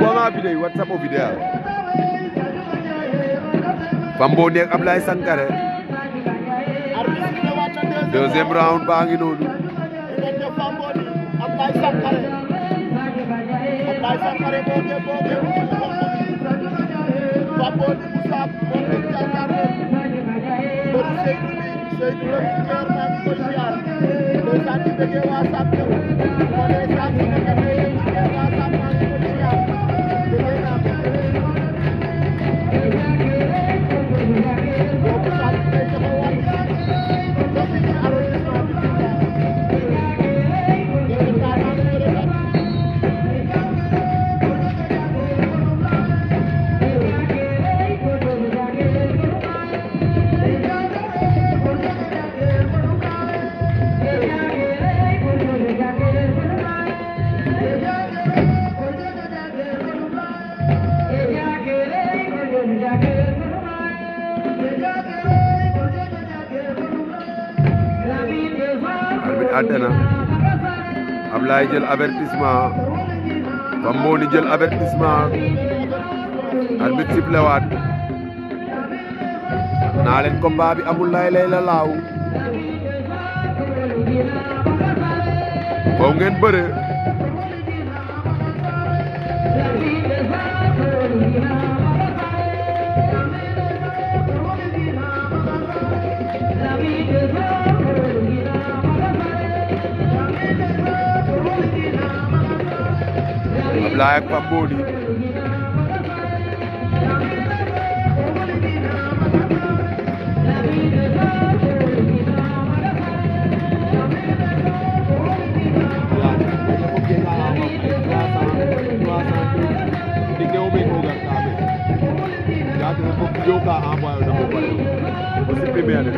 boona bidey WhatsApp o bidey a Fambo neek Ablaye Sankare deuxième round baa ngi noonu Seydou Seydou àddina Ablaye jël avertissement Pamboni jël avertissement arbitre sifflé waat naa leen combat bi amul lay lay la laaw faw ngeen bëre Wilaya Kwamboni. joka hapa unapo pale usipime yale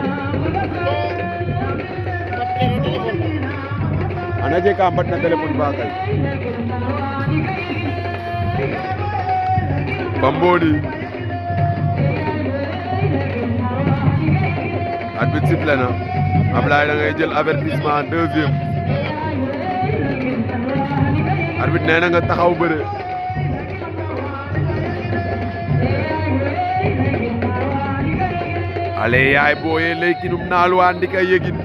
ana je ka ambat na telephone ba kai Bamboni arbitre sifflé na Ablaye da ngay jël avertissement deuxième arbitre nee na taxaw bëre ale yaay booye leykinum naaluwaa ndika yegin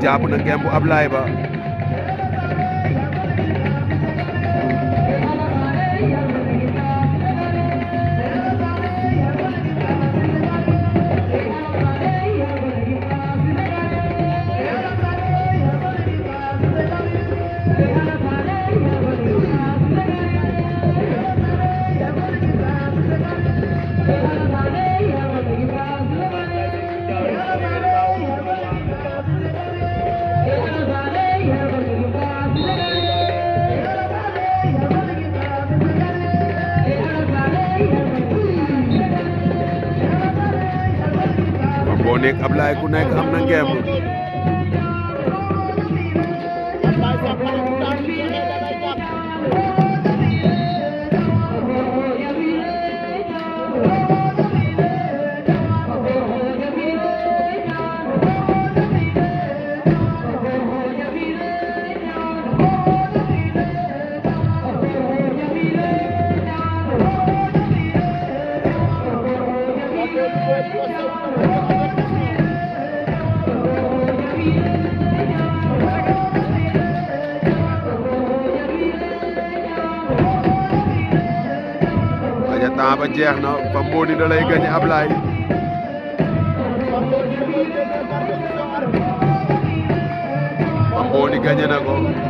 jàpp na ngembu Ablaye Ba होणे kabla ay ku nekk am na ngemb temps ba jeex na ba Mbodi da lay gañe Ablaye ba Mbodi gañe na ko